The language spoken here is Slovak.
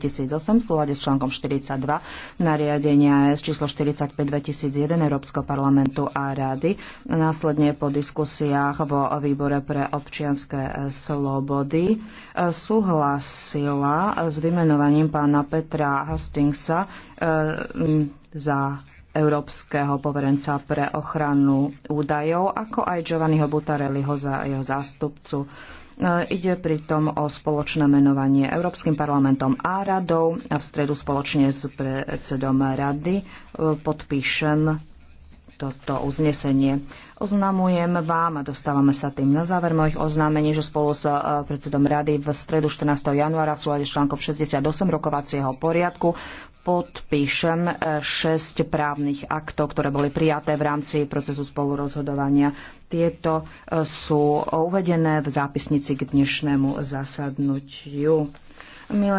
2008 v súlade s článkom 42 nariadenia S číslo 45 2001 Európskeho parlamentu a rady. Následne po diskusiách vo výbore pre občianske e, slobody e, súhlasila s vymenovaním pána Petra Hastingsa e, za Európskeho poverenca pre ochranu údajov, ako aj Giovanniho Butarelliho za jeho zástupcu. E, ide pritom o spoločné menovanie Európskym parlamentom a radou a v stredu spoločne s predsedom rady e, podpíšem toto uznesenie. Oznamujem vám a dostávame sa tým na záver mojich oznámení, že spolu s e, predsedom rady v stredu 14. januára v súlade s článkom 68 rokovacieho poriadku podpíšem 6 e, právnych aktov, ktoré boli prijaté v rámci procesu spolurozhodovania. Tieto e, sú uvedené v zápisnici k dnešnému zasadnutiu. Milé